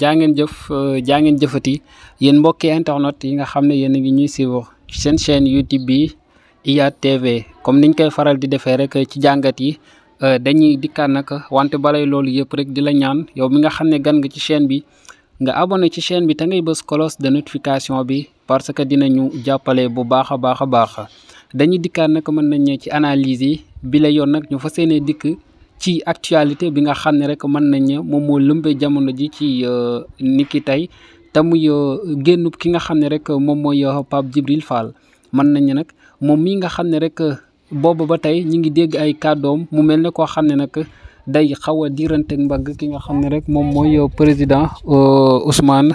jaa ngeen jëf euh, jaa ngeen jëfati yéen mbokki internet yi nga xam ne yéen a ngi ñuy suivre seen chaîne YouTube bi IYAT TV comme niñ koy faral di defee rek ci jàngat yi euh, dañuy dikkaan nag wante balay loolu yëpp rek di la ñaan yow mi nga xam ne gan nga ci chaîne bi nga abonné ci chaîne bi te ngay bës cloche de notification bi parce que dinañu jàppale bu baax a baax a baax dañuy dikkaan nag mën nañ ci analyse yi bi yoon nag ñu fas yéene dikk. ci actualité bi nga xam ne rek mën nañ moom moo lëmbee jamono ji ci euh, niki tey te muy euh, génn ki nga xam ne rek moom mooy euh, Pape Djibril Fall mën nañ nag moom mii nga xam ne rek boobu ba tey ñu ngi dégg ay kàddoom mu mel ne koo xam ne nag day xaw a diirante mbagg ki nga xam ne rek moom mooy président Ousmane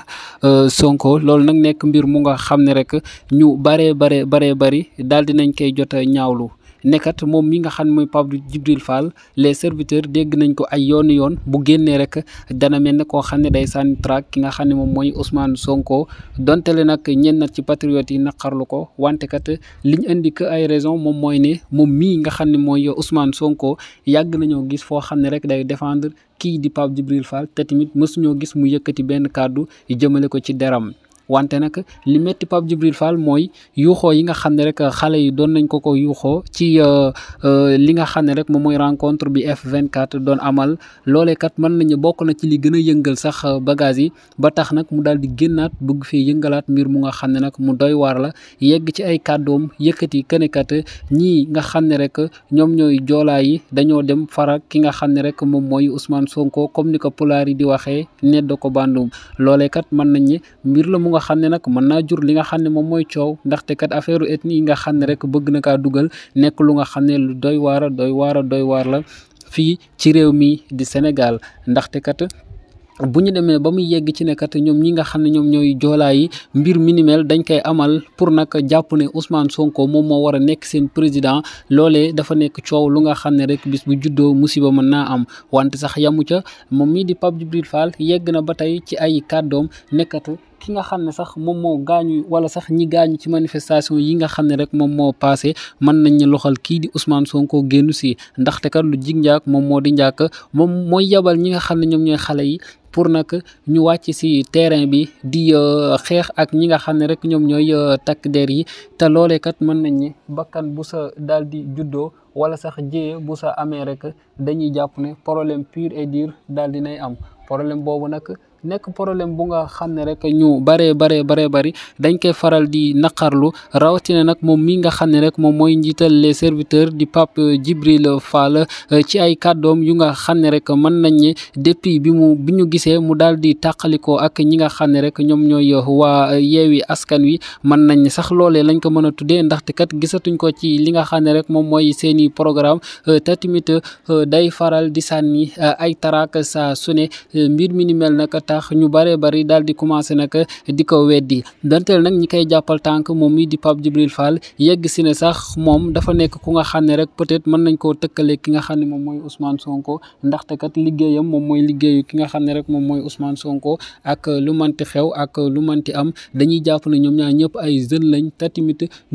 Sonko loolu nag nekk mbir mu nga xam ne rek ñu baree bare baree bari daal nañ koy jot a ñaawlu nekkat moom mii nga xam ne mooy Pape Djibril Fall les serviteurs dégg nañ ko ay yoon yoon bu génnee rek dana mel ne koo xam ne day sànni track ki nga xam ne moom mooy Ousmane Sonko donte nag ñenn nat ci patriotes yi naqarlu ko wante kat liñ indi que ay raison moom mooy ne moom mii nga xam ne mooy Ousmane Sonko yàgg nañoo gis foo xam ne rek day defendre kii di Pape Djibril Fall te tamit mësuñoo gis mu yëkkati benn kàddu jëmale ko ci deram wante nag li métti Pape Djibril Fall mooy yuuxoo yi nga xam ne rek xale yi doon nañ ko ko yuuxoo ci euh, euh, li nga xam ne rek moom mooy rencontre bi F24 doon amal loolee kat mën nañu bokk na ci li gën a yëngal sax euh, bagage yi ba tax nag mu daal di génnaat bëgg fee yëngalaat mbir mu nga xam ne nag mu doy waar la yegg ci ay kàddoom yëkkati kënekat ñii nga xam ne rek ñoom ñooy joolaa yi dañoo dem farak ki nga xam ne rek moom mooy Ousmane Sonko comme ni ko pulaar yi di waxee nedd ko bandum loolee nañ ne mbir la mu nga xam ne nag mën naa jur li nga xam ne moom mooy coow ndaxte kat affaire u ethnie yi nga xam ne rek bëgg na kaa dugal nekk lu nga xam ne lu doy waar doy waara doy waar la fii ci réew mi di Sénégal ndaxte kat bu ñu demee ba muy yegg ci nekkat ñoom ñi nga xam ne ñoom ñooy joolaa yi mbir minimel dañ koy amal pour nag jàpp ne usmaan Sonko moom moo war a nekk seen président loolee dafa nekk coow lu nga xam ne rek bis bu juddoo musiba mën naa am wante sax yamu ca moom mii di Pape Djibril Fall yegg na ba tey ci ay kàddoom nekkatu ki nga xam ne sax moom moo gaañu wala sax ñi gaañu ci manifestation yi nga xam ne rek moom moo passé mën nañ ñi loxal kii di Ousmane Sonko génn si ndaxte kat lu jig njaak moom moo di njaak moom mooy yabal ñi nga xam ne ñoom ñooy xale yi pour nag ñu wàcc si terrain bi di euh, xeex ak ñi nga xam ne rek ñoom ñooy euh, takk der yi te loole kat mën nañ ñi bakkan bu sa daal di juddoo wala sax jiyee bu sa amee rek dañuy jàpp ne problème pur et dur daal di nay am problème boobu nag nekk problème bu nga xam ne rek ñu baree baree baree bari dañ koy faral di naqarlu rawatina nag moom mi nga xam ne rek moom mooy njiital les serviteurs di Pape Djibril Fall eh, ci ay kaddoom yu nga xam ne rek mën nañ ñi depuis bi mu bi ñu gisee mu daal di tàqali ko ak ñi nga xam ne rek ñoom ñooy waa yeewi askan wi mën nañ sax loolee lañ ko mën a tuddee ndaxte kat gisatuñ ko ci li nga xam ne rek moom mooy seeni programme eh, te eh, day faral di sànni ay taraak s su tax ñu bëree bëri daal di commencé nag di ko weddi danteel nag ñi koy jàppal tànk moom mii di Pape Djibril Fall yegg si ne moom dafa nekk ku ki nga xam ne moom mooy Ousmane Sonko ndaxte kat liggéeyam moom mooy liggéeyu ak lu manti xew am dañuy jàpp ne ñoom ñaar ñëpp ay jeunes lañ te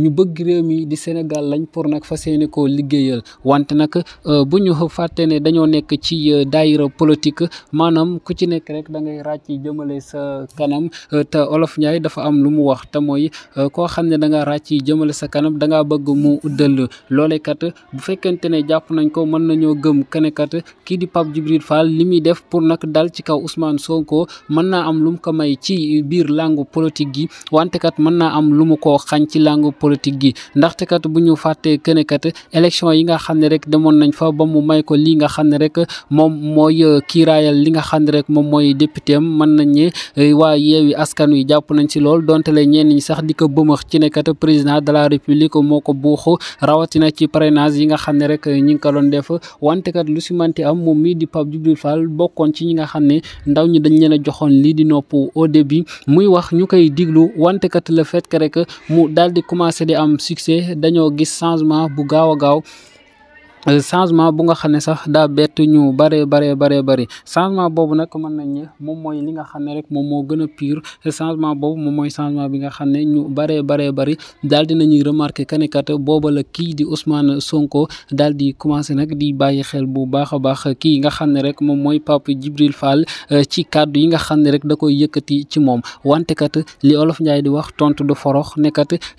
ñu bëgg réew mi di Sénégal lañ pour nag fas yéene koo liggéeyal wante nag euh, bu ñu fàtte ne dañoo nekk ci euh, daayira politique maanaam ku ci nekk rek da ngay ràcc jëmale sa kanam te olof Njaay dafa am lu mu wax te mooy euh, koo xam ne da nga ràcc jëmale sa kanam da ngaa bëgg mu uddal loolee kat bu fekkente ne jàpp nañ ko mën nañoo gëm kene kat kii di Pape Djibril Fall li muy def pour nag dal ci kaw Ousmane Sonko mën naa am lu mu ko may ci biir langue politique gi wante kat mën am lu xañ ci langue politique gi ndaxte bu ñu fàttee kene kat yi nga xam ne rek demoon nañ fa ba mu may ko lii nga xam ne rek moom mooy euh, kiiraayal li nga xam ne rek moom mooy député jëm mën nañ ne eh, waa yeewi askan wi jàpp nañ si lool donte le ñenn ñi sax di ko bëmax ci nekkat président de la république moo ko buuxu rawatina ci parrainage yi nga xam ne rek ñi ngi ko doon def wante kat lu si manti am moom mii di Pape Djibril bokkoon ci ñi nga xam ne ndaw ñi dañ leen a joxoon lii di nopp au début muy wax ñu koy diglu wante kat le fait que mu daal di commencé di am succès dañoo gis changement bu gaaw a gaaw Euh, changement bu nga xam ne sax daa bett ñu bare bare bare bëri changement boobu nag mën nañ ne moom mooy li nga xam ne rek moom moo gën a pire changement boobu moom mooy changement bi nga xam ne ñu bare bare bëri daal di nañuy remarqué que kii di Ousmane Sonko daal di commencé nag di bàyyi xel bu baax a baax kii nga xam ne rek moom mooy Pape Djibril Fall euh, ci kàddu yi nga xam ne rek da koy yëkkati ci moom wante kat li olof di wax tontu du forox ne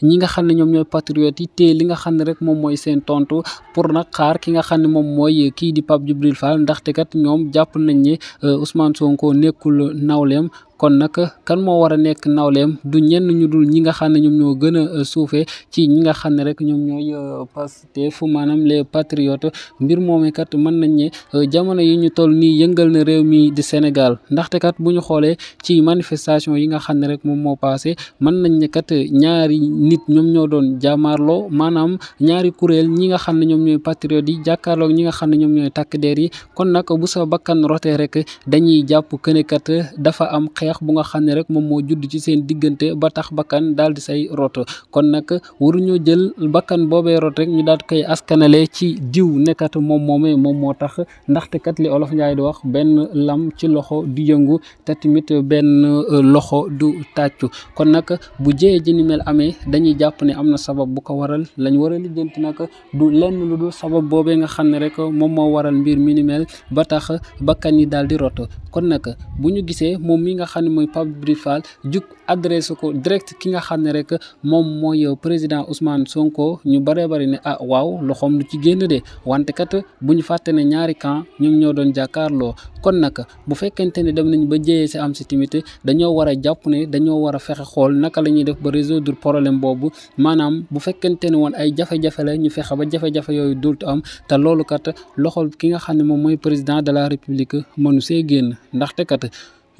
ñi nga xam ne ñoom ñooy patriote yi te li nga xam ne rek moom mooy seen tont pour nag xaar xaar ki nga xam ne moom mooy kii di Pape Djibril Fall ndaxte kat ñoom jàpp nañ ne euh, Ousmane Sonko nekkul nawleem kon nag kan moo war a nekk nawleem du ñenn ñu dul ñi nga xam ne ñoom ñoo gën a euh, suufee ci ñi nga xam ne rek ñoom ñooy euh, Pastef maanaam les patriotes mbir moomee kat mën nañ ne euh, jamono yi ñu toll nii yëngal na réew mi di Sénégal ndaxte kat bu ñu xoolee ci manifestation yi nga xam ne rek moom moo passé mën nañ ne kat ñaari nit ñoom ñoo doon jàmmaarloo maanaam ñaari kuréel ñi nga xam ne ñoom ñooy patriotes yi jàkkaarloog ñi nga xam ne ñoom ñooy takk der yi kon nag bu sa bakkan rotee rek dañuy jàpp kënekat dafa am xeex xeex bu nga rek moom moo judd ci seen diggante ba tax bakkan daal di say rot kon nag ñoo jël bakkan boobee rot rek ñu daal di koy askanale ci diw nekkat moom moomee moom moo tax ndaxte kat li olof Njaay di wax benn lam ci loxo du yëngu te tamit benn euh, loxo du tàccu kon nag bu jëyee ji ni amee dañuy jàpp ne am na sabab bu ko waral lañ war a lijjanti nag du lenn lu dul nga xam rek moom moo waral mbir mi ni mel ba tax bakkan yi daal di rot kon nag bu ñu gisee moom mi nga xam ni ne mooy Pape Djibril Fall jug adressé ko direct ki nga xam ne rek moom mooy président Ousmane Sonko ñu bëree bëri ne ah waaw loxoom lu ci génn de wante kat bu ñu fàtte ne ñaari camp ñoom ñoo doon jàkkaarloo kon nag bu fekkente ne dem nañ ba jëyee si am si tamit dañoo war a jàpp ne dañoo war a fexe xool naka la ñuy def ba réseau résoudre problème boobu maanaam bu fekkente ne woon ay jafe-jafe la ñu fexe ba jafe-jafe yooyu dootu am te loolu kat loxol ki nga xam ne moom mooy président de la république mënu see génn ndaxte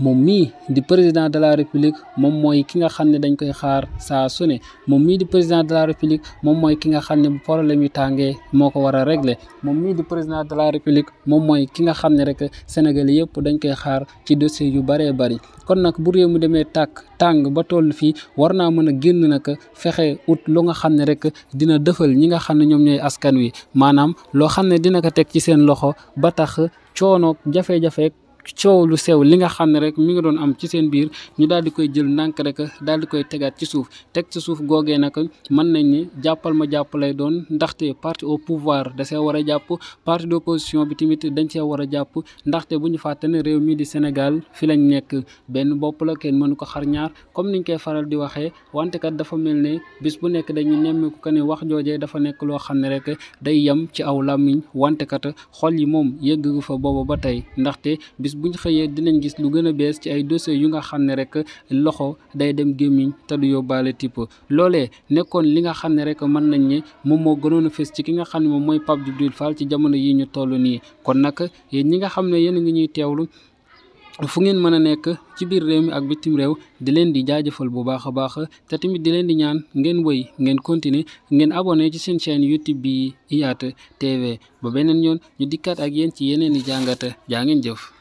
moom mii di président de la république moom mooy ki nga xam ne dañ koy xaar saa su ne moom mii di président de la république moom mooy ki nga xam ne bu problème tàngee moo ko war a moom mii di président la république moom mooy ki nga xam ne rek Sénégal yëpp dañ koy xaar ci dossier yu bëree bari kon nag bu réew mu demee tàkk tàng ba toll fii war naa mën a génn nag fexe ut lu nga xam ne rek dina dëfal ñi nga xam ne ñoom ñooy askan wi maanaam loo xam ne dina ko teg ci seen loxo ba tax coonoog jafe-jafe coow lu sew li nga xam ne rek mu ngi doon am ci seen biir ñu daal di koy jël ndànk rek daal di koy tegaat ci suuf teg ci suuf googee nag mën nañ ni jàppal ma jàpp lay doon ndaxte parti au pouvoir da war a jàpp parti d' opposition bi tamit dañ see war a jàpp ndaxte bu ñu fàtte ne réew mii di Sénégal fi lañ nekk benn bopp la kenn mënu ko xar ñaar comme niñ koy faral di waxee wantekat dafa mel ne bis bu nekk dañuy nemmeeku ko ne wax joojee dafa nekk loo xam ne rek day yem ci aw làmmiñ wante kat xol yi moom yëgg fa boobu ba tey bu buñ xëyee dinañ gis lu gën a bees ci ay dossiers yu nga xam ne rek loxo day dem gémmiñ te du yóbbaale type loolee nekkoon li nga xam ne rek mën nañ ne moom moo gënoon a ci ki nga xam ne moom mooy Pape Djibril Fall ci jamono yi toll nii kon nag yéen ñi nga xam ne yéen a ngi ñuy teewlu fu ngeen mën a nekk ci biir réew mi ak bitim réew di leen di jaajëfal bu baax a baax te tamit di leen di ñaan ngeen wëy ngeen continuer ngeen abonné ci seen chaîne YouTube bi IYAT TV ba beneen yoon ñu dikkaat ak yéen ci yeneen i jàngata jaa ngeen jëf